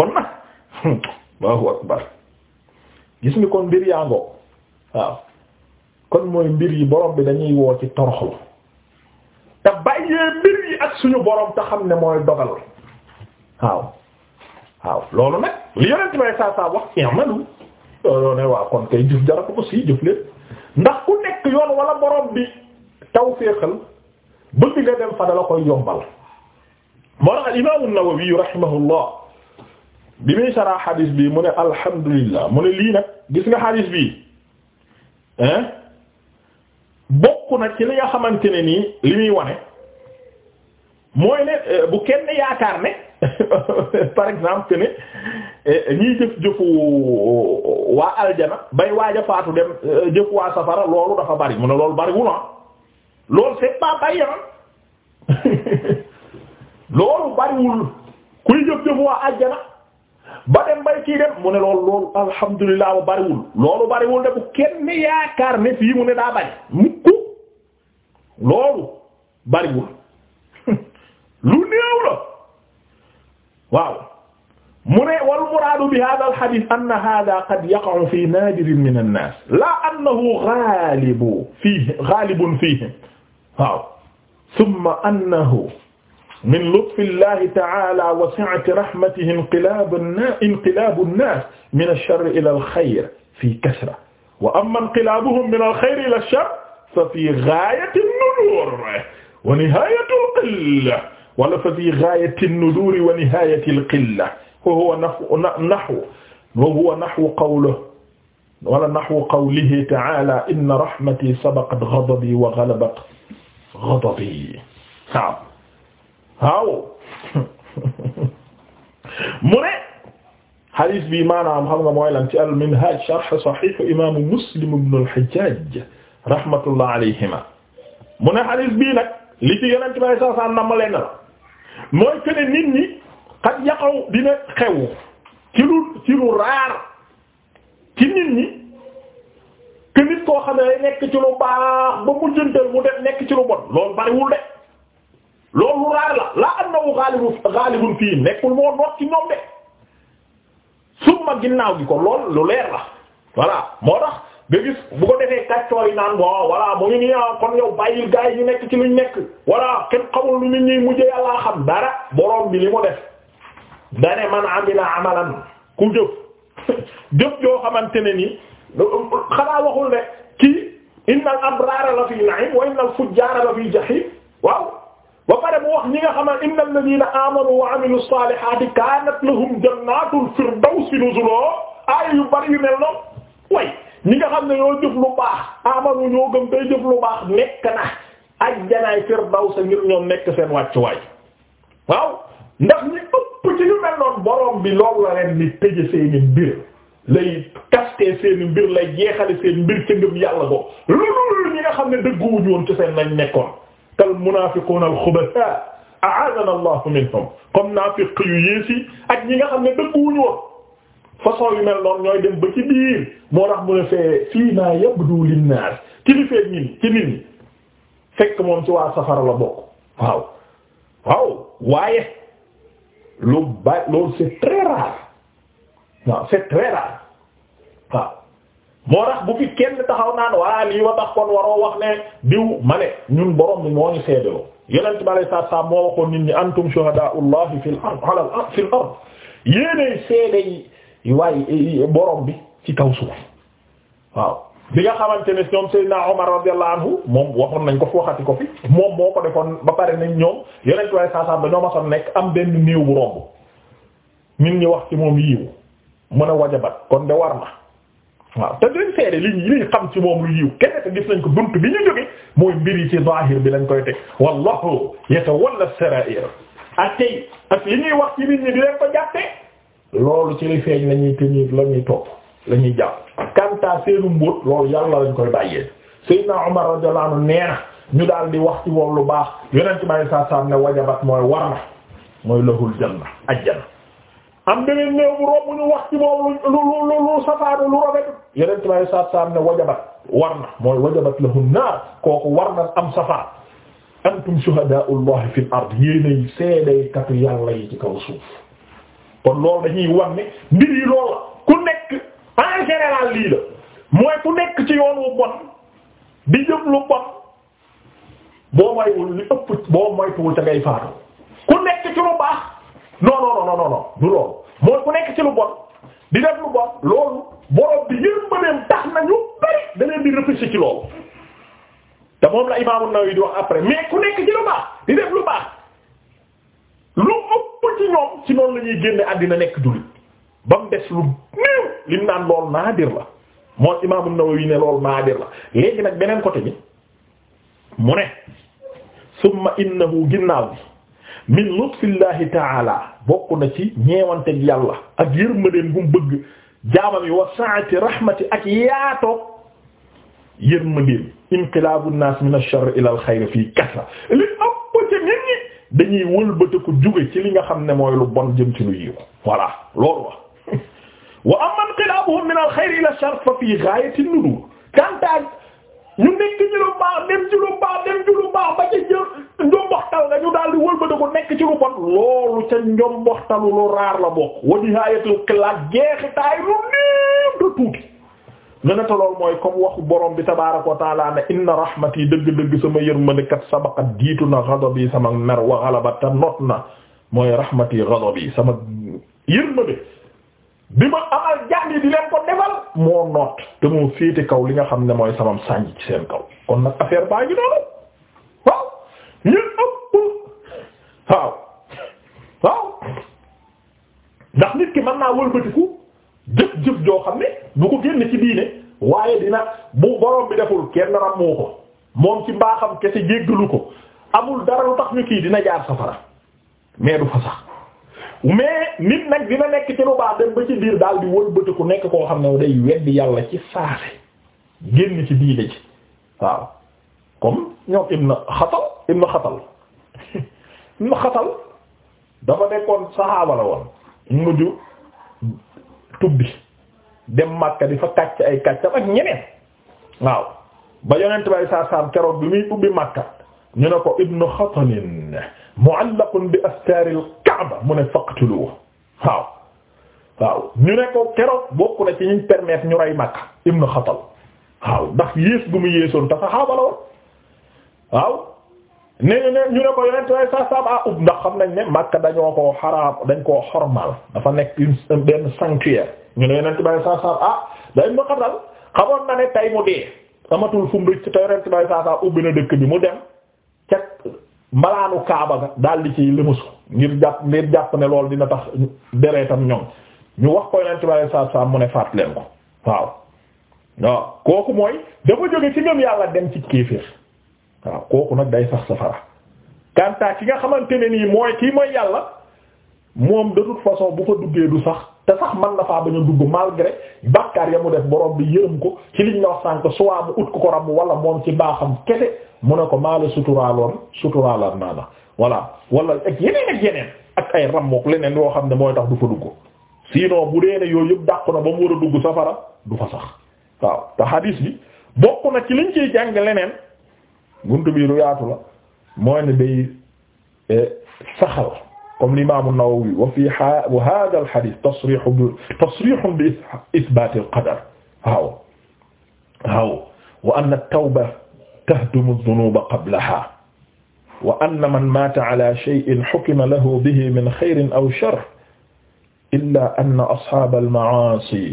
kon nag Allahu akbar gis nga kon mbir yaa ngoo waaw kon mooy mbir yi borom bi dañuy woo ci toroxlu te bàyyee mbir yi ak suñu borom te xam ne mooy dogal waaw waaw loolu nag li yonent may saa saa wax i'malu loolu ne waa kon kay jëf jara ko si jëf leen ndax ku nekk yoon wala borom bi tawféexal bëgg nga dem fa dala koy yombal moo tax imaamu Nawawi rahimahullah bi muy saraa xadis bi mu ne alhamdulillah mu ne lii nag gis nga xadis bi hein bokk na ci li nga xamante ne nii li muy wane mooy ne euh, bu kenn yaakaar ne par exemple que ne euh, ñiy jëf jëfu euh, waa aljana bay waaja faatu dem jëf waa safara loolu dafa bari mu ne loolu bariwul ah loolu c'est pas bari ah. loolu bariwul kuy jëf jëfu waa aljana ba dem bay kii dem mu ne loolu loolu alhamdulilah bu bariwul loolu bariwul de bu kenn yaakaar ne fii mu ne daa bari mukku loolu bariwul lu néew la waaw mu ne wal muraadu bi hada al hadith anna hada qad yaqa'u fi nadirin min an nas la annahu ghalibu fihi ghalibun fihi waaw thumma annahu min lutfillahi ta'ala wa si'ati rahmatihi inqilaabu an-naas inqilaabu an-naas min ash-sharri ila al-khayr fi kasra wa amma inqilaabuhum min al-khayri ila ash-sharr fa fi ghaayati an-nuduur wa nihaayati al-qilla wala fa fi ghaayati an-nuduur wa nihaayati al-qilla wa huwa nahwu wa huwa nahwu qawlihi wala nahwu qawlihi ta'ala inna rahmatii sabaqat ghadabii wa ghalabat ghadabii waaw waaw mu ne hadis bi maanaam xam nga mooy lan ci al-Minhaj sharh Sahih imaamu Muslim ibn al-Hajjaj rahmatullah alayhima mu ne hadis bii nag li ci yonent bi sallallahu alayhi wasallam na ma leen la mooy que ne nit ñi xat yaqaw dina xew ci lu ci lu raar ci nit ñi que nit koo xam ne nekk ci lu baax ba mujjantal mu def nekk ci lu bon loolu bariwul de. loolu lu raar la laa annahu ghalibun ghalibun fii nekkul moo doot ci ñoom de summa ginnaaw gi ko lool lu leer la voilà moo tax nga gis bu ko defee kàccoor yi naan bon voilà mu ngi nii ah, kon yow bàyyil gars yi ñu nekk ci luñ nekk voilà kenn xamul lu nit ñi mujjee yàllaa xam dara borom bi li mu def dane man amila amalan ku jëf jëf joo xamante ne ni xanaa waxul ne kii innal abrara la fi na'im wa innal fujjara la fi jahim waaw ba pare mu wax ñi nga xamal inna alladina amanu wa amilu salihati kanat lahum jannatul firdawsi nuzula aaya yu bari yu mel noonu way ñi nga xam ne ñoo jëf lu baax amanu ñoo gëm tey jëf lu baax nekk na ajjanaay firdawsa ngir ñoom nekk seen wàccuwaay waaw ndax ñi ëpp ci ñu mel noonu borom bi loolu la leen di tëje seeni mbir lay kaste seeni mbir lay jeexale seen mbir ca ngëm yàlla ko lu dul ñi nga xam ne dëgguwuñu woon ci seen lañ nekkoon kal munaafiquuna al-xubathaa a'aadanaa Allahu minhum comme naafiq yi ak ñi nga xam ne dëgguwuñu woon façon yu mel noonu ñooy dem ba ci biir moo tax mu ne fee fii maa yabdu li fee ñin ci nit ñi moom ci waa safara la bokk waaw waaw waaye lu ba loolu waaw c'est très waaw. moo tax bu fi kenn taxaw naan waa lii wa tax kon waroo wax ne diw ma ne ñun borom bi moo ñu seedaloo yonent bi alayhi salaatu salaam moo waxoon nit ñi antum shuhadaa'ullahi fil ard ala al ard fil seede yi waaye eh, borom bi ci kaw suuf waaw bi nga xamante ne ñoom Seydina Omar radiyallahu anhu moom waxoon nañ ko fi waxati ko fi moom moo ko defoon ba pare nañ ñoom yonent bi alayhi salaatu salaam dañoo masoon nekk am benn néew bu romb nit ñi wax ci moom yiiw mën a wajabat waaw te dañ seede liñ liñ xam ci moom lu yiw kenn te gis nañ ko bunt bi ñu jóge mooy mbir yi ci zahir bi lañ koy teg wallahu yatawalla sarair ak tey ak li ñuy wax ci nit ñi di leen ko jàppee loolu ci li feeñ la ñuy tenir la ñuy topp la ñuy jàpp kanta seenu mbóot loolu yàlla lañ koy bàyyee Seydina Umar radiyallahu anhu nee na ñu daal di wax ci moom lu baax yonent bi sa alayhi wasallam ne wajabat mooy war na mooy lahul janna ajjana am beneen néew bu romb ñu wax ci moom lu lu safaanu lu rafet yeneen tubaab yi saaf saaf ne wajabat war na mooy wajabat lahu naar kooku war na am safar antum shuhadaa'ullahi fil ard yéenay seedeekatu yàlla yi ci kaw suuf kon loolu dañuy war ne mbir ku nekk en général lii mooy ku nekk ci yoon wu bon di jëm lu bon boo moywul li ëpp boo moytuwul te ngay faatu ku nekk ci lu baax. non non non mooy ku nekk ci lu bon di def lu bon loolu borom bi yërmandeem tax na ñu bari da leen di réfléchir ci loolu. te moom la Imaam an di wax après mais ku nekk ci lu baax di def lu baax lu ëpp ci ñoom ci noonu la génne àddina nekk jullit ba mu des lu néew lim naan lool naadir la moom Imaam An-Nawawi ne lool naadir la léegi nag beneen côté bi mu ne summa innahu ginnaaw bi. min lutfillahi taala bokk na ci ñeewanteg yàlla ak yërmandeen bu mu bëgg jaamam yi wa saati rahmati ak yaatoog yërmandeen inqilaabu nnaas min ash-sharr ila al-xayr fii kasra li ëpp ci nit ñi dañuy wëlbatiku jóge ci li nga xam ne mooy lu bon jëm ci lu yiw voilà loolu wax wa amma inqilaabuhum min al-xayr ila ash-sharr fa fii gaayati an-nuduur ñu nekk ci lu baax dem ci lu baax dem ci lu baax ba ca jël njomboxtal nga ñu daal di wëlbatiku nekk ci lu bon loolu ca njomboxtalu lu raar la bokk wa nihayatul xilaat jeexitaay lu néew te tuuti nga ne te mooy kom waxu borom bi tabaaraka wa taala ne inna rahmati dëgg-dëgg sama yërmande kat sabaqat jiitu na ghadabi sama mer wa ghalabat ta not na mooy rahmati ghadabi sama yërmande bi ma amal jàngi di leen ko defal moo noot te moo féete kaw li nga xam ne mooy samam sànj ci seen kaw kon nag affaire baa ngi noonu waaw ñun ëpp waaw waaw ndax nit ki mën naa wëlbatiku jëf-jëf joo xam ne bu ko génn ci diine waaye dina bu borom bi deful kenn rammoo ko moom ci mbaaxam kese jéggalu ko amul dara lu tax ñu kii dina jaar safara mais du fa sax mais nit nag dina nekk ci lu baax dem ba ci biir daal di wëlbati ku nekk koo xam ne day weddi yàlla ci saase génn ci diine ji waaw comme ñoom ibn xatal ibn xatal ibn xatal dafa nekkoon saxaaba la woon mujj tubbi dem Makka di fa kàcc ay kàccam ak ñeneen waaw ba yonent bay saa saam bi muy ubbi Makka ñu ne ko ibn xatalin mu'allaqun bi astaaril kaaba mu ne faqtuluhu waaw waaw ñu ne ko keroog bokk na ci ñu permettre ñu rey Makka ibnu Xatal waaw ndax yées gu mu yéesoon te saxaaba la waaw ne ñu ne ñu ah, ne xam nañ ne Makka dañoo koo dañ koo xormaal dafa nekk une ñu ne yonent waaye saa saab ah day ma xatal xamoon na ne tay mu dee amatul fu mu rëcc te yonent waaye saa saab ubbi na dëkk bi mu dem malaanu kaaba ga daal di ciy lëmasu ngir jàpp ngir jàpp ne loolu dina tax deretam ñoom ñu wax ko yonent bi alayhi salaatu salaam mu ne faat leen ko waaw waaw kooku mooy dafa jóge ci ngëm yàlla dem ci kéeféer waaw kooku nag day sax safara kantaa ki nga xamante ne nii mooy kii mooy yàlla moom de toute façon bu fa duggee du sax te sax man na faa bañ a dugg malgré bàkkaar ya mu def borom bi yërëm ko ci liñ la wax sànk soit mu ut ko ko ramm wala moom ci baaxam kese mu ne ko maa la suturaaloon suturaalaat naa la voilà wala ak yeneen ak yeneen ak ay rammook leneen yoo xam ne mooy tax du fa dugg sinon bu dee ne yooyu yëpp dàqu na ba mu war a dugg safara du fa sax waaw te hadis bi bokk na ci liñ ciy jàng leneen buntu bi lu yaatu la mooy ne eh, comme l'imam an-Nawawi wa fi hadha al-hadith tasrih tasrih bi ithbat al-qadar waaw waaw wa anna at-tawba tahdumu adh-dhunub qablaha wa anna man mata ala shay'in hukima lahu bihi min khayrin aw sharr illa anna ashab al-ma'asi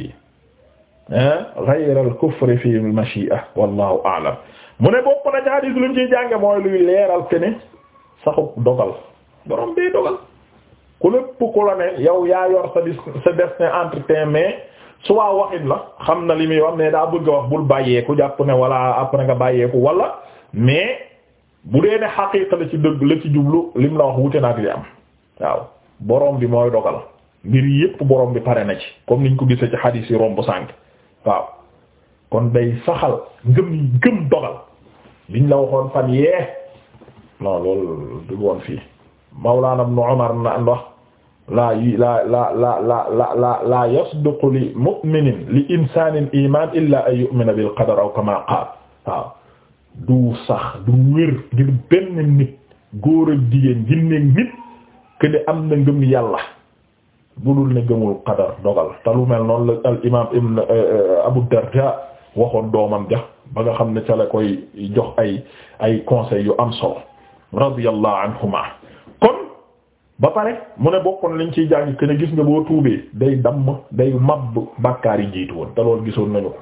eh, ghayra al-kufri fi al-mashi'a wallahu a'lam mu ne bokk na ci hadith lu ñu ciy jànge mooy luy leeral te ne saxu dogal borom bi dogal ku lépp ku la ne yow yaa yor sa dis sa destin entre tes mains soit waxit la xam na li muy wax mais daa bëgg a wax bul bàyyeeku jàpp ne wala après nga bàyyeeku wala mais bu dee ne xaqiiqa la ci dëgg la ci jublu lim la wax wute na ak li am waaw borom bi mooy dogal mbir yépp borom bi pare na ci comme niñ ko gisee ci xadiis yi romb sànk waaw kon day saxal ngëm gëm dogal liñ la waxoon fan yee non loolu du woon fii Mawlana ibn Umar na ndox laa la la la la la la la yasduqu li mu'minin li insanin iman illa an yu'mina bil qadar aw kama qaal waaw du sax du wér ngir benn nit góor ak jigéen jinneeg nit que ne am na ngëm yàlla budul ne gëmul qadar dogal te lu mel noonu la al imam ibn euh, euh, Abu Darda waxoon doomam jax ba nga xam ne ca la koy jox ay ay conseils yu am solo radiyallahu anhuma ba pare mu ne bokkoon lañ ciy jàng kenn gis nga boo tuubee day damm day mabb bàkkaar yi jiitu woon te loolu gisoon nañu ko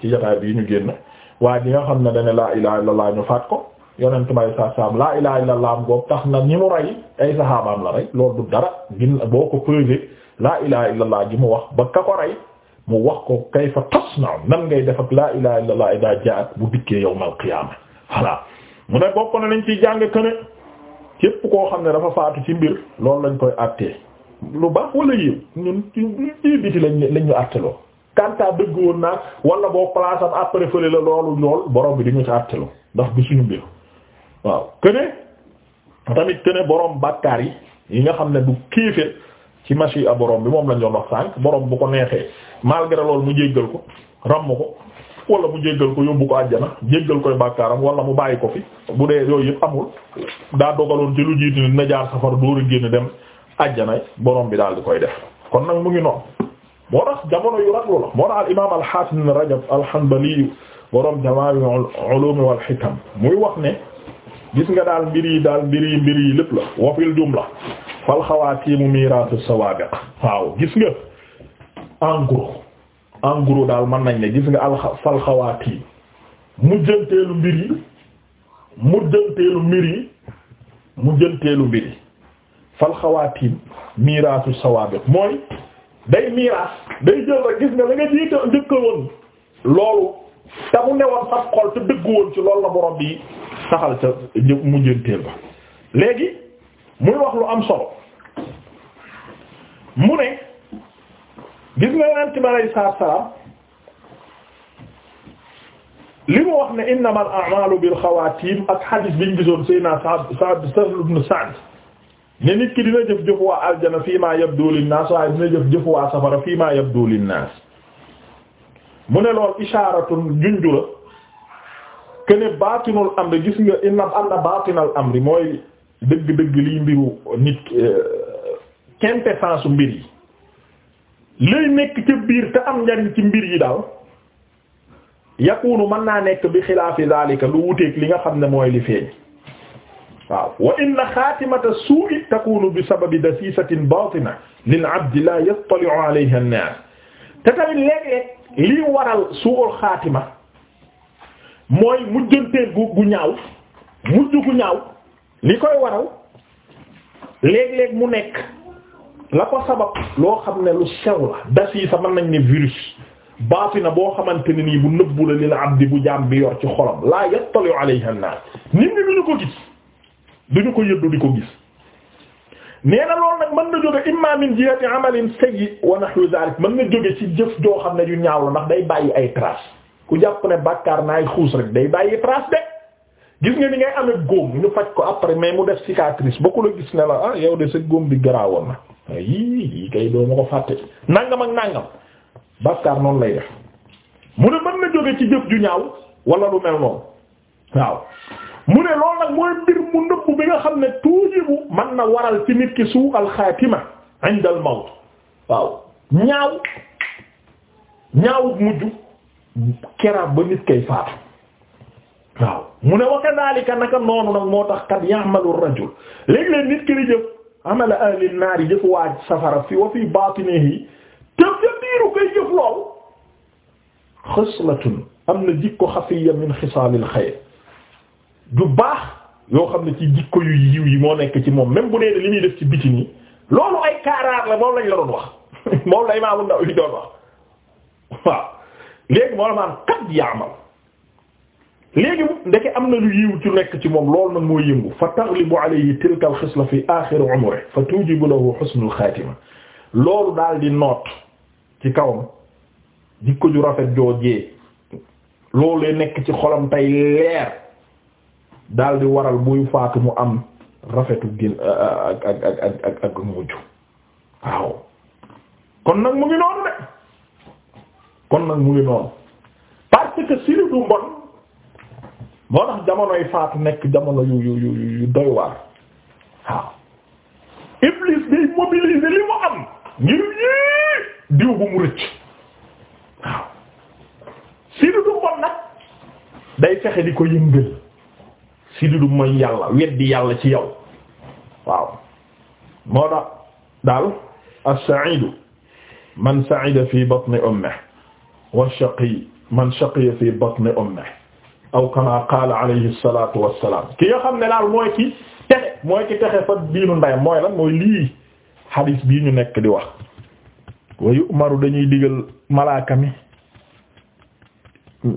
ci jotaay bii ñu génn waaye bi nga xam ne dane laa ilaha illallah ñu faat ko yonent may sa saam laa ilaha illallah am goob tax na ñi mu rey ay a la rey loolu du dara laa ilaha illallah ji mu wax ba ka ko rey mu wax ko kayfa tasna'u nan ngay def ak laa ilaha illallah idaa jaat bu dikkee yawmal qiyaama voilà mu ne bokkoon lañ ciy jàng kenn képp koo xam ne dafa faatu ci mbir loolu lañ koy àttee lu baax wala yiw ñun ci biti lañ lañ ñu àtteloo kanta dëgg woon naa wala boo place am après fële la loolu lool boroom bi di ñu ci àtteloo ndax bi suñu mbir waaw këne tamit këne borom bàkkaar yi yi nga xam ne du kéeféer ci machi a boroom bi moom lañ doon wax sànq borom bu ko neexee malgré loolu mu jéggal ko ramm ko wala mu jéggal ko yóbbu ko àjjana jéggal koy bàkkaaram wala mu bàyyi ko fi bu dee yooyu yëpp amul daa dogaloon ci lu jiitu ni dina jaar safara dóor a génn dem àjjana borom bi daal di koy def kon nag mu ngi noonu moo tax jamono yu raglu la moo tax al imaam al haafis Rajab al Hanbali borom Jawaami'ul Uluum wal Hikam muy wax ne gis nga daal mbir yi daal mbir yi lépp la wa jumla fal xawaatiimu miiraasu sawaabiq waaw gis nga en en gros daal mën nañ ne gis nga alxa falxawaati mujjanteelu mbir yi mujjanteelu mbir yi mujjanteelu mbir yi falxawaati miiraasu sawaabit mooy day miiraas day jël rek gis nga la nga jiite njëkka woon loolu te mu newoon sax te dëggu woon ci loolu la boroom bi saxal sa mujjanteel ba léegi muy wax lu am solo mu ne gis nga yonent bi alayhi salaatu wa salaam li mu wax ne innamal a'maalu bil xawaatiim ak xadiis bi ñu gisoon Seydina Sa'd Sa'd Sahl ibn Sa'd ne nit ki dina jëf jëf waa aljana fii maa yabdu linnaas waaye dina jëf jëf waa safara fii maa yabdu linnaas mu ne lool ishaaratun junjula ke ne baatinul amri gis nga inna am na baatinal amri mooy dëgg-dëgg liy mbiru nit euh, quintessence mbir yi lay nekk ca biir te am njariñ ci mbir yi daal yakunu mën naa nekk bi xilaafi zalika lu wuteeg li nga xam ne mooy li feeñ waaw wa inna xaatimata suu'i takunu bi sababi dasiisatin baatina lil abdi la yattali'u alayha an-naas te tamit léeg-léeg lii waral suu'ul xaatima mooy mujjanteel gu gu ñaaw mujj gu ñaaw li koy waral léeg-léeg mu nekk la ko sabab loo xam ne lu sew la das yi sa mën nañ ne virus baati na boo xamante ne nii bu nëbbu la lil abdi bu jaam bi yor ci xolam laa yattaliu alayha an-nas nit ñi duñu ko gis duñu ko yëddu di ko gis nee na loolu nag mën na jóge imma min jihati amalin sayyi wa nahwi zalik mën na jóge ci jëf joo xam ne yu ñaaw la ndax day bàyyi ay trace ku jàpp ne bàkkaar naay xuus rek day bàyyi trace de gis nga ni ngay amee góom ñu faj ko après mais mu def cicatrice ba ku la gis ne la ah yow de góom bi garaawoon yii kay doo ma fàtte nangam ak nàngam bàkkaar noonu lay def mu ne mën na jóge ci jëf ju ñaaw wala lu mel noonu waaw mu ne loolu nag mooy mbir mu nëbb bi nga xam ne tuujibu man na waral ci nit ki suu alxaatima inda al mawt waaw ñaaw ñaawut mujj keraab ba nit kay faatu waaw mu ne wa kadhalika naka noonu nag moo tax kat ya'malu rajul léegi-léeg nit ki li jëf amala ahli naari jëfu waa safara fi wa fi batinihi te ca biiru koy jëf lool xislatun am na jikko xafiya min xisaalil xayr du baax yoo xam ne ci jikko yu yiw yi moo nekk ci moom même bu nee ne li muy def ci biti nii loolu ay kaaraar la moom lañ la doon wax moom la Imaam An-Nawawi doon wax waaw léegi moo la maan qad ya'mal léegi ndeke am na lu yiw ci nekk ci moom loolu nag moo yëngu fa taghlibu alayhi tilka al xisla fi aaxiri umri fa tujibu lahu xusnul xaatima loolu daal di noot ci kawam jikko ju rafet joojee loolu nekk ci xolam tey leer daal di waral buy faatu mu am rafetu gin ak ak ak ak mujj waaw kon nag mu ngi noonu de kon nag mu ngi noonu parce si lu du mbon moo tax jamonoy faatu nekk jamono yu yu yu yu doy waar waaw Iblis day mobiliser li mu am bu mu rëcc si du du mbon nag day di ko yëngël si du du mooy yàlla weddi ci yow waaw moo tax daal as-sa'idu man sa'ida fi batni ummihi wa ash-shaqi man shaqiya fi batni ummihi aw kama qaala alayhi salatu ki nga xam ne daal mooy ki texe mooy ki texe fa diinu ndayam mooy la mooy lii hadis bii ñu nekk di wax wa yu'maru dañuy digal malaaka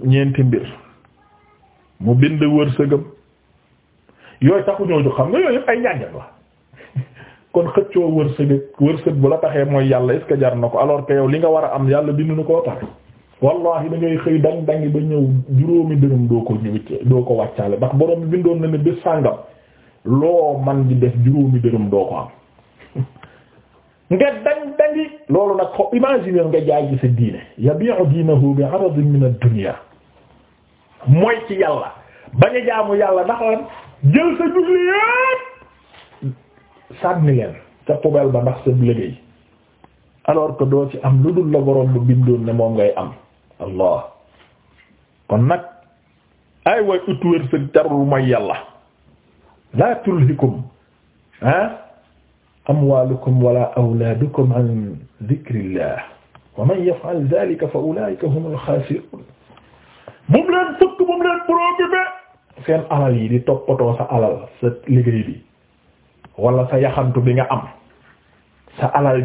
ñeenti mbir mu bind wërsëgam yooyu taxu ñoo ju xam nga yooyu yëpp ay njàngat la kon xëccoo wërsëg wërsëg bu la taxee mooy yàlla est jar na ko alors que yow li nga war a am yàlla bind na koo tax wallahi da xëy dang dangi ba ñëw juróomi dërëm doo ko wicce doo ko wàccaale ndax borom bi bindoon na ne bés sàngam loo man di def juróomi dërëm doo ko am nga dang dangi loolu nag ko imaginer nga jaay ci sa diine yabi'u diinahu bi 'aradin min ad-dunya mooy ci yàlla bañ a jaamu yàlla ndax lan jël sa julli yépp sànni ca poubelle ba ndax sa liggéey alors que doo ci am lu dul la borom bi bindoon ne moom ngay am allah kon nag ay waay ut wërsëg jarul mooy yàlla la tulhikum ah amwalukum wala awlaadukum an dhikrillah wa man yaf'al dhalika fa ulaika humul khasirun moom leen fëkk moom leen préoccupé seen yi di toppatoo sa bi wala sa yaxantu bi nga am sa alal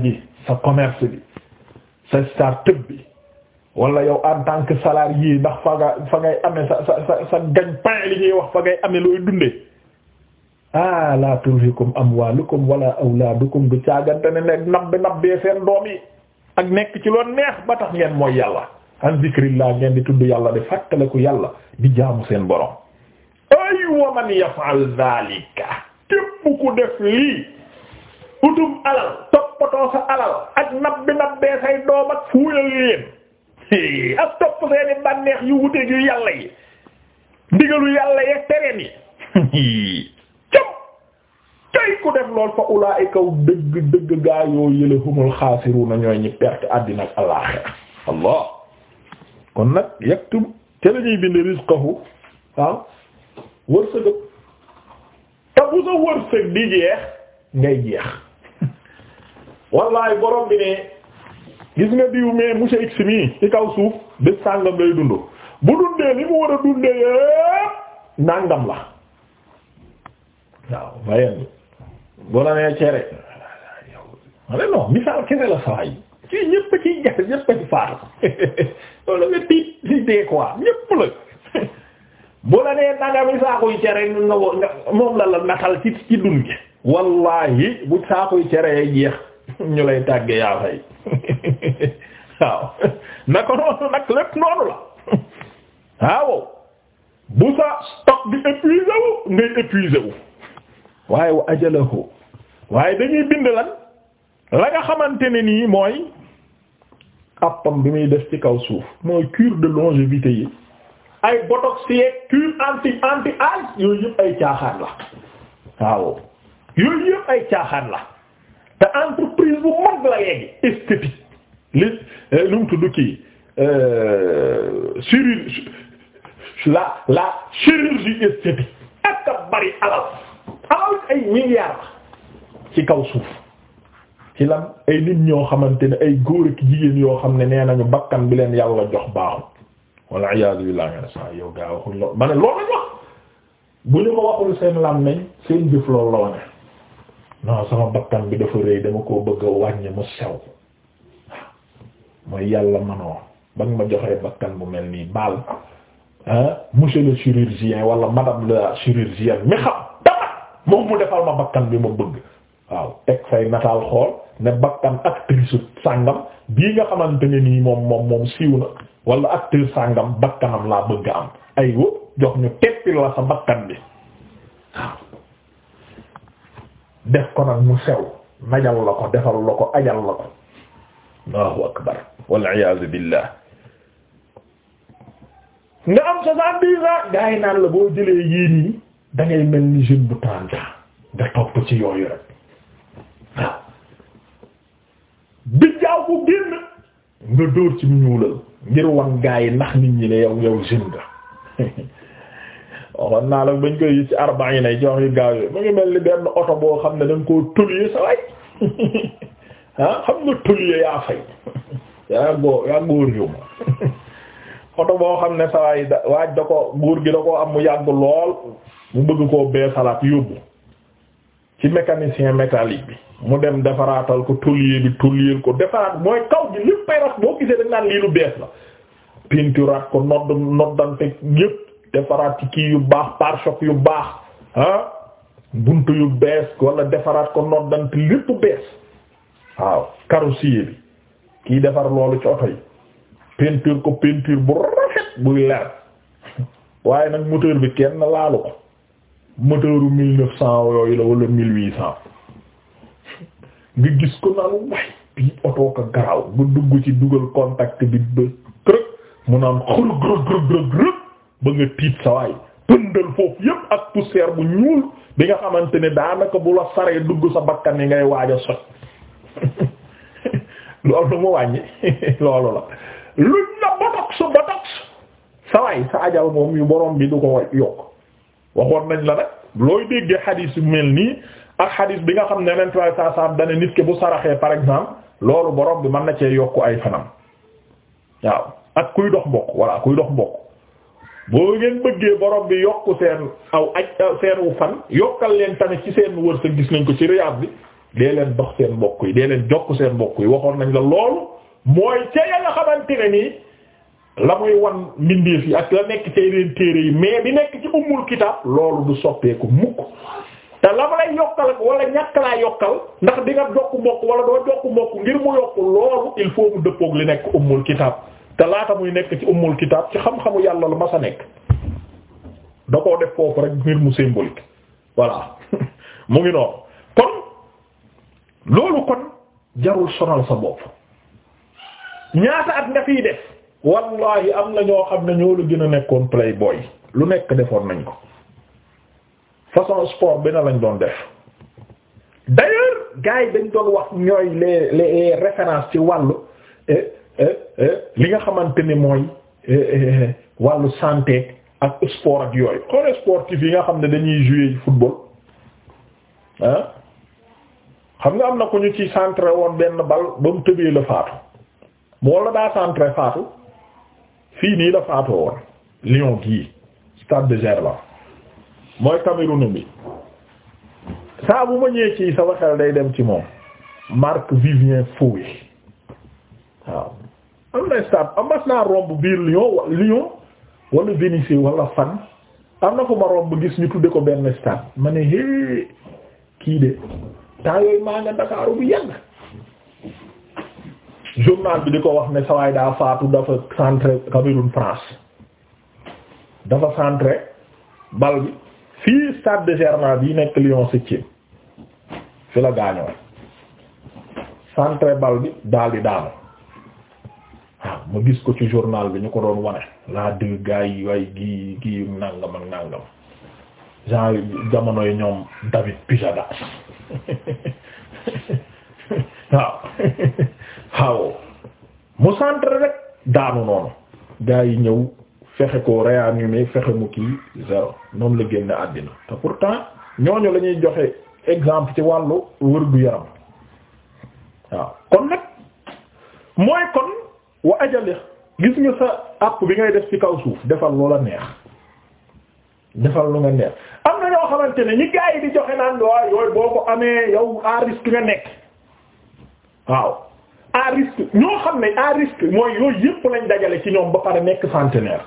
sa start-up wala yow en tant que salarié ndax fa nga fa ngay amee sa sa sa sa gagne li ñuy wax fa ngay amee looy dundee ah la tulhikum amwalukum wala du caagante ne nag nabbi nabbee seen doom yi ak nekk ci loon neex ba tax ngeen mooy yàlla an zikrillah ngeen di tudd yàlla di fàttaliku yàlla di jaamu seen borom ay wa man yaf'al képp ku def lii utum alal toppatoo sa alal ak nabbi nabbee say doom ak fuuyal leen ak topp seeni bànneex yu wuteeg yu yàlla yi ndigalu yàlla yeeg tereen yi cëm tey ku def lool fa ulaa'ika dëgg dëgg gaa yële humul xaasiruuna ñooy ñi perte àddina ak alaaxira allah kon nag yaktub te lañuy bind rizqahu waaw ah, wërsëg te sa wërsëg di jeex ngay jeex wallahi borom bi ne gis nga diw mais monsieur X mii ci kaw suuf bés sàngam lay dund bu dundee li mu war a dundee yépp nàngam la waaw vayen bu la nee cere misaal kese la saa yi ci ñëpp ci jar ñëpp ci faatu loolu nga tiit ci dee quoi ñëpp la bu la nee nangami saakuy cere nga nga moom la la natal ci ci dund gi wallahi bu saakuy cere yee jeex ñu lay tàggee yaa fay waaw naka noonu nag lépp noonu la waaw bu sa stock di épuisé wu ngay épuisé wu waaye wa ajalahu waaye dañuy bind lan la nga xamante ne nii mooy ab tom bi muy def ci kaw suuf mooy cure de longévité yi ay botox yeeg cure anti anti âge yooyu yëpp ay caaxaan la waaw yooyu yëpp ay caaxaan la te entreprise bu mag la léegi li lu eh, mu tudd kii eh, chirurgie la la chirurgie esthétique ak a bari alal alal ay milliards ci kaw suuf ci lan ay nit ñoo xamante ne ay góor ak jigéen yoo xam ne nee nañu bakkan bi leen yàlla jox baaxul walla iyaadu yow gaa waxul lool ma ne loolu lañ bu ñu ko waxul seen làmmiñ seen jëf loolu la wane non sama bakkan bi dafa rëy dama ko bëgg a wàññi mu sew mooy yàlla manoo ba nga ma joxee bakkan bu mel nii baal monsieur le chirurgien wala madame la chirurgienne mi xam dama moom mu defal ma bakkan bi ma bëgg waaw teg say nataal xool ne bakkan actrice sàngam bii nga xamante ne nii moom moom moom na wala acteur sàngam bakkanam laa bëgg am ay wo jox ñu teppil la sa bakkan bi waaw def ko nag mu sew najal la ko defal la ko ajal la ko allahu akbar waliyasu billah nga am soixante-dix ans gaa naan la boo jëlee yii nii da mel ni jeune bu trente ans nga topp ci yooyu rek bi jaaw bu génn nga dóor ci ñuulal ngir wan gaa yi ndax nit ñi ne yow yow jeune nga waxoon naa la bañ koy ci arba'in yi nay ci wax mu ngi mel ni benn oto boo xam ne da nga koo tuliyee sa waay ah xam nga tullier yaa fay yaa góor yaa góor ma oto boo xam ne saa da waaj da ko góor gi da ko am mu yàgg lool mu bëgg koo bee salaat yóbbu ci mécanicien métallique bi mu dem defaraatal ko tullier bi tulliyeel ko defaraat mooy kaw gi lépp ay ras boo gisee dañ lii lu bees la pinturaat ko nodd noddante yépp defaraat ci kii yu baax pare yu baax ah buntu yu bees wala defaraat ko noddante lépp bees waaw carrossier bi kii defar loolu ci oto yi peinture ko peinture bu rafet bu leer waaye nag moteur bi kenn laalu ko moteur u mille neuf cent yooyu la wala mille huit cent nga gis ko naan way bii oto ko garaaw ba dugg ci dugal contact bi ba kërëg mu naan xërëg rëg rëg rëg ba nga tiit sa waay pëndal foofu yépp ak poussière bu ñuul bi nga xamante ne daanaka bu la saree dugg sa bakkan ngay waaja a sot loolu mu wàññi loolu la luñ la botox botox sa waay sa ajal moom yu boroom bi du ko yokk waxoon nañ la nag looy déggee xadiis yu mel nii ak xadiis bi nga xam ne yeneen trois cent cent dana nit ki bu saraxee par exemple loolu borom bi mën na cee yokku ay fanam waaw ak kuy dox mbokk walla kuy dox mbokk boo ngeen bëggee borom bi yokk seen aw aj seen wu fan yokkal leen tamit ci seen wërsëg gis nañ ko ci Riyad bi. dee leen dox seen mbokk yi dee leen jokk seen mbokk yi waxoon nañ la loolu mooy ca ya nga xamante nii la muy wan mbindeef yi ak la nekk ca yeneen téere yi mais bi nekk ci ummul kitaab loolu du soppeeku mukk te la ma lay yokkal wala ñàkk laa yokkal ndax di nga jokk mbokk wala doo jokk bokk ngir mu yokk loolu il faut mu li nekk ummul kitaab te laata muy nekk ci ummul kitaab ci xam-xamu yàlla la ma sa nekk da koo def foofu rek ngir mu symbolique voilà mu ngi loolu kon jarul sonal sa bopp ñaata at nga fiy def wallahi am na ñoo xam ne ñoo lu gën a nekkoon playboy lu nekk defoon nañ ko façon sport bi na lañ doon def d'ailleurs gars yi dañ doon wax ñooy les les références ci wàllu eh, eh, eh, li nga xamante ni mooy wàllu santé ak sport ak yooyu xool sportif yi nga xam ne dañuy jouer football ah. xam nga am na ko ñu ci centré woon benn bal ba mu tëbee la faatu moo la daa centré faatu fii nii la faatu woon Lyon gii stade de Gerland mooy Cameroun saa bu ma ñëwee ci sama xel day dem ci moom mark Vivien Foé waaw am na stade am mas naa romb biir Lyon wa Lyon wala Venise wala fan am na fu ma romb gis ñu tudde ko benn stade ma ne hé kii de temps yooyu maa nga Ndakaaru bu yàgg journal bi di ko wax ne sawaay daa faatu dafa centré Cameroun France dafa centré bal bi fii stade de Germain bi nekk Lyon septième fi la gaañoo centré bal bi daal di daanu waaw ah, ma gis ko ci journal bi ñu ko doon wane laa dëgg gaay yi waay gi kii nangam genre jamonoy ñoom David Pijada waaw waaw mu centre rek daanu noonu gars yi ñëw fexe ko réanimer fexe mu kii zéro noonu la génn àddina te pourtant ñooñu la ñuy joxe exemple ci wàllu wër-gu-yaram waaw kon nag mooy kon wa ajali gis nga sa àpp bi ngay def ci kaw suuf defal loola neex defal lu nga neex am na ñoo xamante ne ñi gaa yi di joxe naan waaw yooyu boo ko amee yow à nga nekk waaw à ñoo xam ne à mooy yooyu yépp lañ dajale ci ñoom ba pare nekk centenaire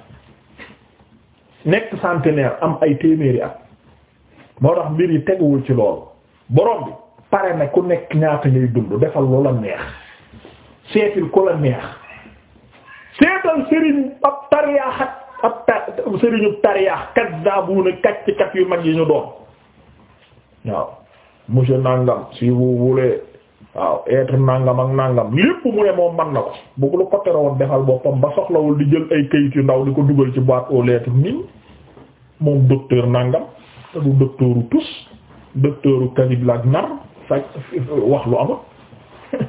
nekk centenaire am ay téeméeri at moo tax mbir yi teguwul ci loolu borom bi pare na ku nekk ñaata ngay dund defal lu la neex seetil ku la neex seetal sëriñ ab tariyaaxat ab ta sëriñu tariyaax kazzaabuuna kàcc kat yu mag yi ñu doon waaw monsieur Nangam si vous voulez waaw être Nangam ak Nangam lépp mu ne moom man na ko bu ko lu ko defal boppam ba soxlawul di jël ay kayit yu ndaw di ko dugal ci boîte aux lettres nii moom docteur Nangam te du docteuru tus docteuru kadib la ak nar sa wax lu amul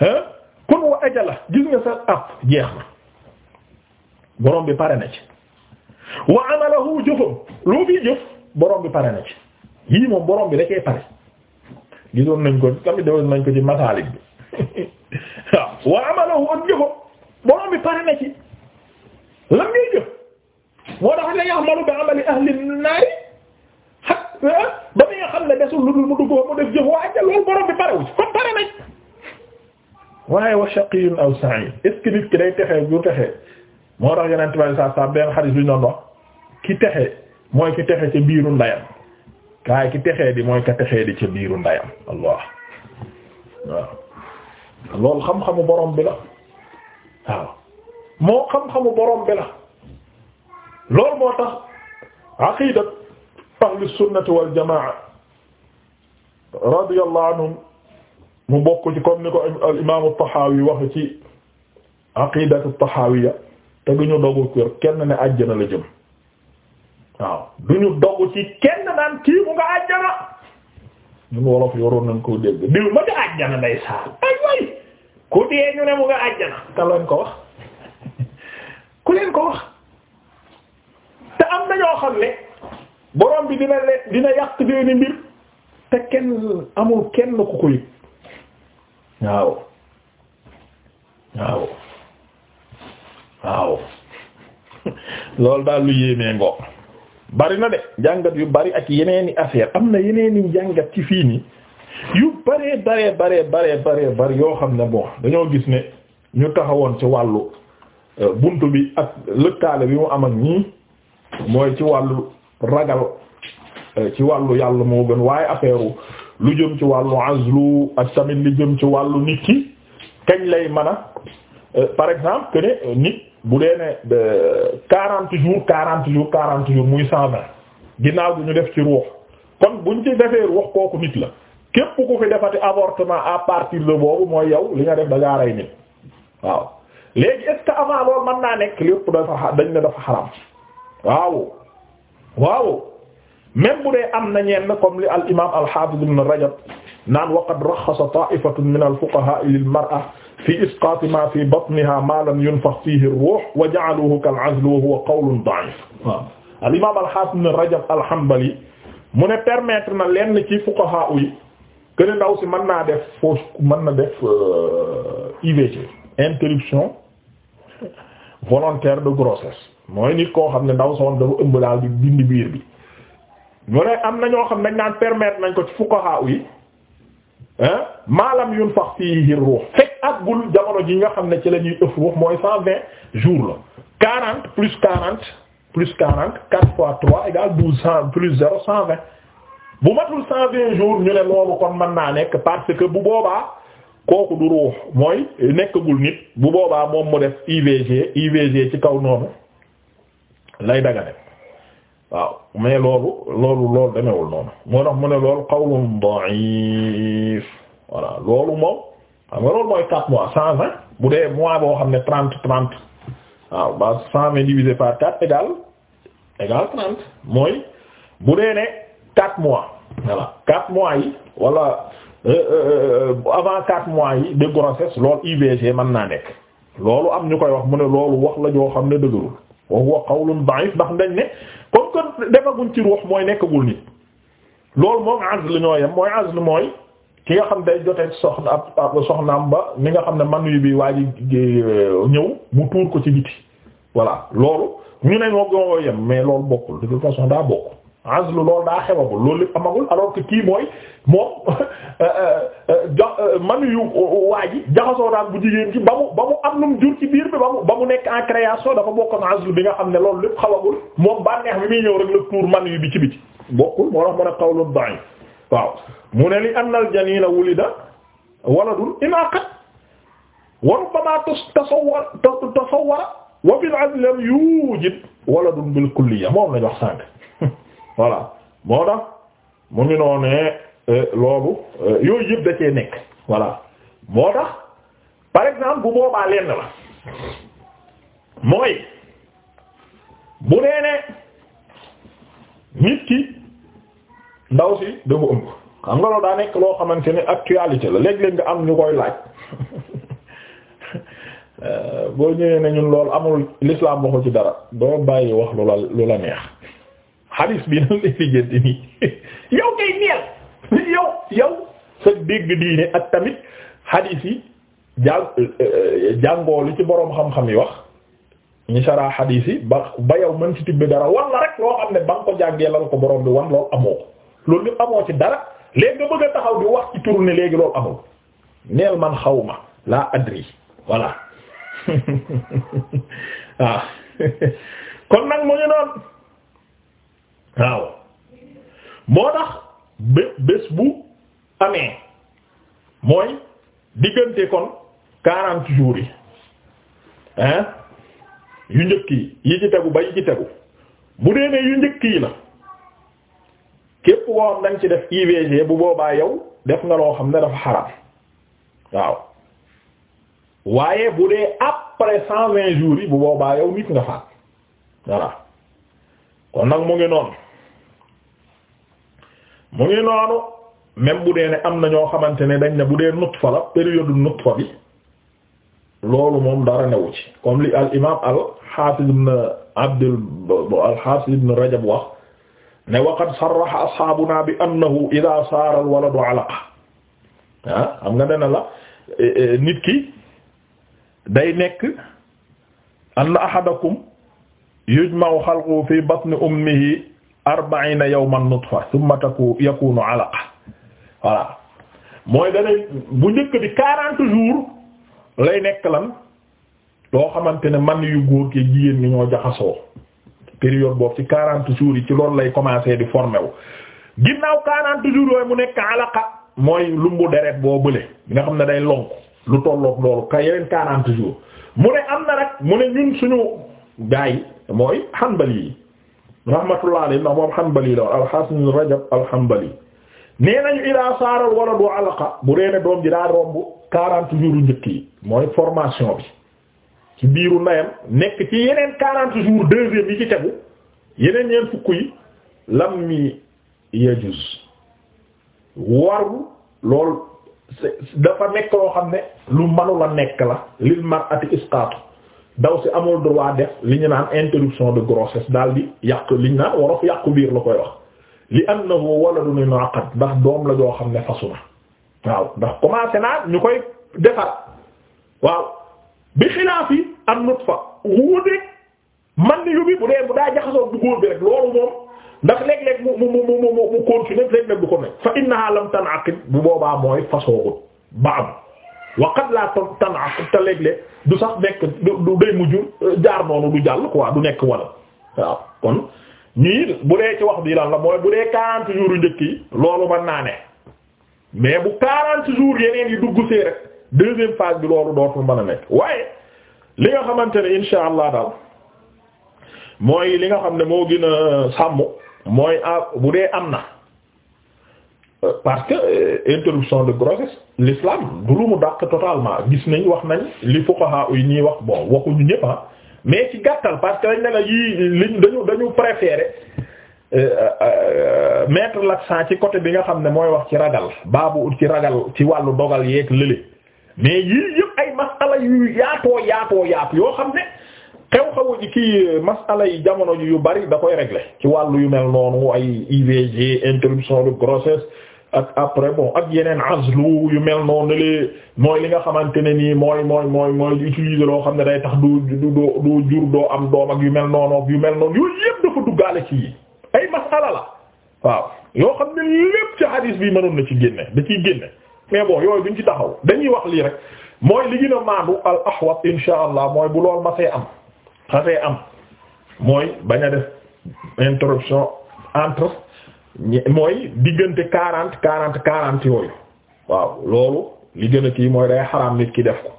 hein kon wa ajala gis nga sa app jeex na borom bi pare na ci. wa amalahu jëfam loo fii jëf borom bi pare na yii moom borom bi da cee pare gisoon nañ ko tamit defoon nañ ko ci masaalik bi wa amalahu ak jëfam borom pare na ci lan ngay moo tax la ya'malu bi amali ahli naari xat ah, ba mi nga xam ne desul lu dul mu dugg mu def jëf waa ja loolu borom bi parewu ci kon pare nañ waaye wa shaqiyun aw sa'id est ce que nit ki moo tax yeneen tubaab yi saa saa benn xarit bi ñu doon ki texe mooy ki texe ca biiru ndayam kaay ki texee di mooy ka texee di ca biiru ndayam allah waaw loolu xam-xamu borom bi la waaw moo xam-xamu borom bi la loolu moo tax aqidat ahli sunnati wal jamaa radiyallahu anhum mu bokk ci ni ko al imam at-Tahawi waaw du ñu dogg ci kenn naan kii mu nga àjjana ñun wolof yoroon nañ koo dégg diw ma nga àjjana te leen ko wax ku leen ko wax te am na ñoo xam ne borom bi dina le- dina yàq deeni mbir te kenn amul kenn ku ko yëg waaw waaw waaw loolu daal lu yéemee ngoom bari na de njàngat yu bari ak yeneeni affaire am na yeneeni njàngat ci fii nii yu baree baree baree baree baree bari yoo xam ne moom dañoo gis ne ñu taxawoon ci wàllu euh, bunt bi ak lëkkaale bi mu am ak ñii mooy ci wàllu ragal euh, ci wàllu yàlla moo gën waaye affaire lu jëm ci wàllu azlu ak tamit li jëm ci wàllu nit ki kañ lay mën euh, par exemple que ne nit bu dee ne quarante jours quarante jours quarante jours muy cent vingt ginnaaw bi ñu def ci ruux kon bu ci defee ruux kooku nit la képp ku fi defati avortement à partir de boobu mooy yow li nga def da ngaa rey nit waaw léegi est ce que avant mën naa nekk lépp dafa dañ ne dafa xaram waaw waaw même bu dee am na ñenn comme li al imam al hafiz ibn naan waqad raxasa ta'ifatun min al fuqaha lil mar'a fi isqaati ma fi batniha ma lam yunfax fihi ruux wa ja'aluhu kal'azl wa huwa qawlun da'if waaw al imam al-Hasan ibn Rajab al-Hanbali mu ne permettre na lenn ci fuqaha yi que ne ndaw si mën naa def fausse mën na def euh, IVG interruption volontaire de grossesse mooy nit koo xam ne ndaw sa woon dafa ëmb daal di dindi biir bi mu ne am na ñoo xam ne dañ naan permettre nañ ko ci fuqaha yi maalam yun fax fiihi ruux fekk àggul jamono ji nga xam ne ci la ñuy ëf ruux mooy cent vingt jours la quarante plus quarante plus quarante quatre fois trois égale douze cent plus zéro cent vingt bu matul cent vingt jours ñu ne loolu kon mën naa nekk parce que bu boobaa kooku du ruux mooy nekkagul nit bu boobaa moom mu def IVG IVG ci kaw noonu lay dagane waaw mais loolu loolu loolu demewul noonu moo tax mu ne lool qawlun da'if voilà loolu moom xam nga loolu mooy quatre mois cent vingt bu dee mois boo xam ne trente trente waaw ba cent vingt divisé par quatre égale égale trente mooy bu dee ne quatre mois voilà quatre mois yi wala euh, euh, avant quatre mois yi de grossesse loolu IVG mën naa nekk loolu am ñu koy wax mu ne loolu wax la joo xam ne dëgërul wa huwa qawlun da'if ndax dañ ne que defaguñ ci ruux mooy nekkagul nit loolu moom azl ñoo yem mooy azl mooy ki nga xam day jotee soxna ab soxnaam ba ni nga xam ne man manuyu bi waa ji euh, ñëw mu tuur ko ci biti voilà loolu ñu ne ñoo gën yem mais loolu bokkul de toute façon daa bokk. azlu loolu daa xewagul loolu lépp amagul alors que kii mooy moom euh, euh, euh, jox yu waa ji jaxasoo daal bu jigéen ci ba mu ba mu am lu jur ci biir bi ba mu ba mu nekk en dafa bokkoon azlu bi nga xam ne loolu lépp xawagul moom bànneex bi muy ñëw rek la tuur manu yu bi ci biti bokkul moo tax mën a qawlun da'if waaw mu ne li anna al janina wulida waladun inaqat wa rubbama tasawwara tasawwara wa fil azli lam yujid waladun bil kulliya moom lañ wax sànq voilà moo tax mu ngi noonee euh, loolu euh, yooyu yëpp da cee nekk voilà moo tax par exemple bu boobaa lenn la mooy bu nee ne nit ki ndaw si dafa ëmb xam nga loolu daa nekk loo xamante ne actualité la léeg-léeg nga am ñu koy laaj euh, boo ñëwee ne ñun loolu amul l'islam waxu ci dara doo bàyyi wax lu la lu la neex xadis bi nan lay liggéenti nii yow ngay neel yow yow sa dégg diine ak tamit xadis yi jàng jàngoo li ci boroom xam-xam yi wax ñi saraa xadis yi ba ba yow mën ci tibbi dara wan la rek loo xam ne ba nga ko jàngee lal ko boroom bi wan loolu amoo loolu lépp amoo ci dara léegi nga bëgg a taxaw di wax ci tournée léegi loolu amul neel man xaw ma laa adri voilà waaw ah. kon nag mu ñu noonu waaw moo tax bé bés bu amee mooy diggante kon quarante jours yi hein yu njëkk yi yi ci tegu ba yi ci tegu bu dee ne yu njëkk yi la képp koo xam ci def IVG bu boobaa yow def nga loo xam ne dafa xaraam waaw waaye bu dee après cent vingt jours yi bu boobaa yow nit nga faat voilà kon nag mu ngi noonu mu ngi noonu même bu dee ne am na ñoo xamante ne dañ ne bu dee nutfa la période nutfa bi loolu moom dara newu ci comme li al imaam al xaafis ibn abdul al xaafis ibn rajab wax ne waqad sarraha ashaabuna bi annahu ida saara al waladu alaqa ah xam nga dana la e, e, nit ki day nekk anna ahadakum yujma'u xalquhu fi batni ummihi arbaina yawman nutfa thumma taku yakunu alaqa voilà mooy da bu njëkk bi quarante jours lay nekk lan loo xamante ne man yu góor ke jigéen ñi ñoo jaxasoo période boobu ci quarante jours yi ci loolu lay commencer di former wu ginnaaw quarante jours yooyu mu nekk alaqa mooy lumbu deret boo bële nga xam ne day lonk lu tolloog loolu ka yeneen quarante jours mu ne am na rek mu ne ñun suñu gaay mooy hanbali yi rahmatullah alayhi ndax moom la al-Hasan Rajab al-Hanbali nee nañu ila saaral waladu alaqa bu dee doom ji daa romb quarante jours njëkk yi mooy formation bi ci biiru ndeyam nekk ci yeneen quarante jours deuxième yi ci tegu yeneen ñeent fukk yi lam yajuz waru lool dafa nekk loo xam ne lu manu la nekk la lil mar'ati isqaatu ndaw si amul droit def li ñu naan interruption de grossesse daal di yàq li ñu naan worof yàqu biir la koy wax li annahu waladun inaqat ndax doom la joo xam ne fasu na waaw ndax commencé naa ñu koy defar waaw bi xilaaf yi am nutfa wuuteeg man ni yu bi bu dee bu daa jaxasoo bu góor bi rek loolu moom ndax léeg-léeg mu mu mu mu mu mu continuer léeg-léeg du ko nekk fa innaha lam tanaqid bu boobaa mooy fasoogut ba am. waqat laa to tana te du sax nekk du day mujj euh, jaar noonu du jàll quoi du nekk wala waaw kon nii bu dee ci wax bi laa la mooy bu dee quarante jours yu njëkk yi loolu mën naa ne mais bu quarante jours yeneen yi dugg see rek deuxième phase bi loolu dootul man a nekk waaye li nga xamante ne insha allah daal mooy li nga xam ne moo gën a sàmm mooy ah, bu dee am na parce que euh, interruption de grossesse l'islam du lu mu dàq totalement gis nañ wax nañ li fuqaha yi ñuy wax bon waxuñu ñëpp ah. mais ci gàttal parce que dañ ne la yii liñ dañu dañu préférer euh, euh, mettre l'accent ci côté bi nga xam ne mooy wax ci ragal baabu ci ragal ci wàllu dogal yeeg lële mais yii yëpp ay masala yu yaatoo yaatoo yaatu yoo xam ne xew-xewu ji kii masala yi jamono yu bari da koy régler ci wàllu yu mel noonu ay IVG interruption de grossesse ak après bon ak yeneen azlu yu mel noonu le mooy li nga xamante ne nii mooy mooy mooy mooy utiliser loo xam ne day tax doo doo doo jur doo am doom ak yu mel noonu yu mel noonu yooyu yëpp dafa duggaale ci yi ay masala la waaw yoo xam ne lépp ci hadis bi mënoon na ci génne da ciy génne mais bon yooyu duñ ci taxaw dañuy wax lii rek mooy li gën a maandu al ahwat insha allah mooy bu lool masee am xasee am mooy bañ a def interruption entre mooy diggante quarante quarante quarante yooyu waaw loolu li gën a kii mooy day xaraam nit ki def ko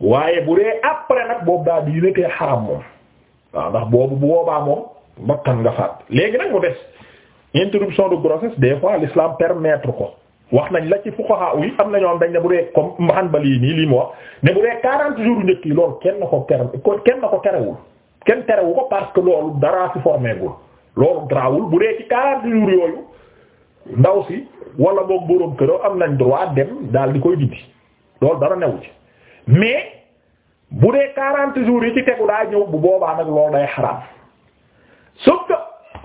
waaye bu dee après nag boobu daal di yënatee xaram moom waaw ndax boobu bu boobaa moom bakkan nga faat léegi nag mu des interruption de grossesse des fois l'islam permettre ko wax nañ la ci fuqaha yi am na ñoom dañ ne bu dee comme Hanbali nii lii mu wax ne bu dee 40 jours njëkk yi loolu kenn na ko tere kenn na ko terewul kenn terewu ko parce que loolu loolu garaawul bu dee ci 40 jours yooyu ndaw si wala boog boroom këram am nañ droit dem daal di koy dindi loolu dara newu ci mais bu dee 40 jours yi ci tegu daa ñëw bu boobaa nag loolu day xaraam sauf que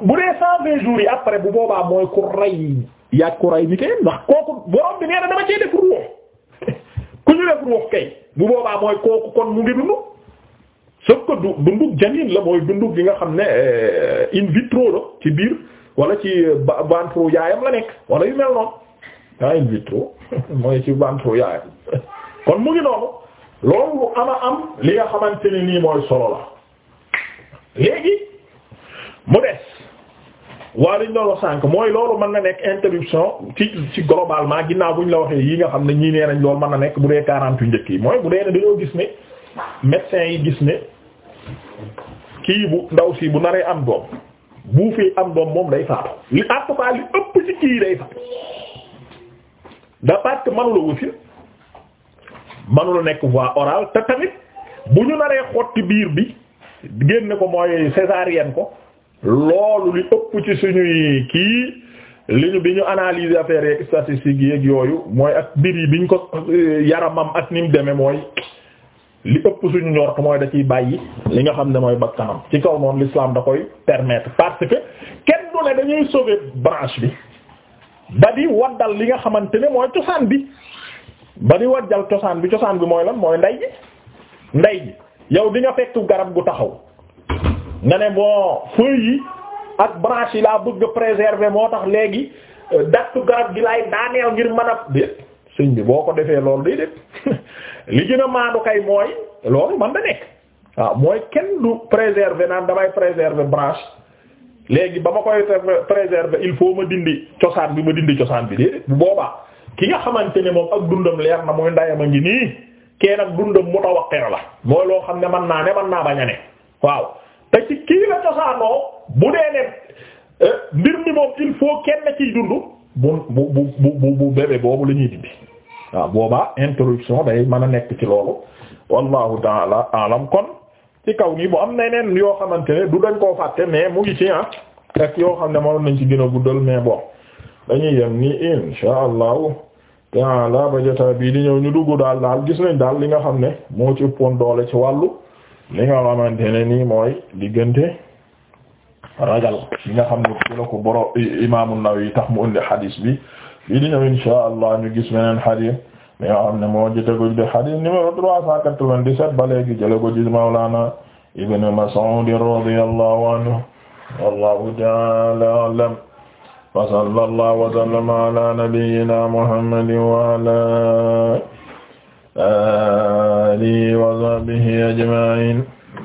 bu dee 120 jours yi après bu boobaa mooy ku rey yaaj ku rey ni kay ndax kooku boroom bi nee na dama cee def ruux ku ñu def ruux kay bu boobaa mooy kooku kon mu ngi dund. sauf que du dundug janin la mooy dundug gi nga xam ne euh, in vitro la ci biir wala ci euh, ba ventre yaayam la nekk wala yu mel noonu ah in vitro mooy ci ventre yaayam kon mu ngi noonu loolu lu ama am li nga xamante ne nii mooy solo la léegi mu des waa liñ doon wax mooy loolu mën na nekk interruption ci ci globalement ginnaaw buñ la waxee yi nga xam ne ñii nee nañ loolu mën na nekk bu dee quarante yu njëkk yi mooy bu dee ne dañoo gis ne médecin yi gis ne kii bu ndaw sii bu naree am doom bu fi am doom moom day faatu li en tout cas li ëpp ci kii day faatu da parce manula wasin manula nekk voie orale te tamit bu ñu naree xotti biir bi génne ko mooy césarienne ko loolu li ëpp ci suñuy kii li ñu bi ñu analyser affaire yeeg statistiques yeeg yooyu mooy ak biir yi biñ ko euh, yaramam ak ni mu demee mooy li ëpp suñu ñort mooy da ciy bàyyi li nga xam ne mooy bakkanam ci kaw noonu l'islam da koy permettre parce que kenn du ne dañuy sauver branche bi ba di waddal li nga xamante ne mooy cosaan bi ba di waddal cosaan bi cosaan bi mooy lan mooy ndey ji ndey ji yow di nga fekk garab gu taxaw nga ne boo feuilles yi ak branche yi laa bëgg préserver moo tax léegi euh, dattu garab gi laay daaneel ngir mën a sëñ bi boo ko defee loolu day def li gën a maandu kay mooy loolu man da nekk waaw mooy kenn du préserver naan damay préserver branche léegi ba ma koy préserver il faut ma dindi cosaan bi ma dindi cosaan bi déedéet bu boobaa ki nga xamante ne moom ak dundam leer na mooy ndayam a ngi nii kenn ak dundam mutawaqir la mooy loo xam ne mën naa ne mën naa bañ a ne waaw te ci kii la cosaanoo bu dee ne eh, mbir mi moom il faut kenn ciy dund bu bu bu bu bu bébé boobu la ñuy dindi waaw boobaa interruption day man a nekk ci loolu wallahu taala alam kon ci kaw nii bu am na yeneen yoo xamante ne du dañ koo fàtte mais mu ngi ci ah ak yoo xam ne a nañ ci gën a guddal mais bon dañuy yem ni insha allahu taala ba jotaay bii di ñëw ñu dugg daal daal gis nañ daal li nga xam ne moo ci ëppoon doole ci wàllu li nga xamante ne nii mooy diggante. ragal li nga xam ne ci la ko boro imaamu Nawawi tax mu indi xadis bi fii di ñëw inshaa Allah ñu gis beneen xadis mi nga xam ne moo jëte ko di xadis numéro 397 ba léegi jële ko gis Mawlana Ibn Mas'ud radiyallahu anhu wallahu ta'ala a'lam wa sallallahu wa sallama ala nabiyyina Muhammadin wa ala alihi wa sahbihi ajma'in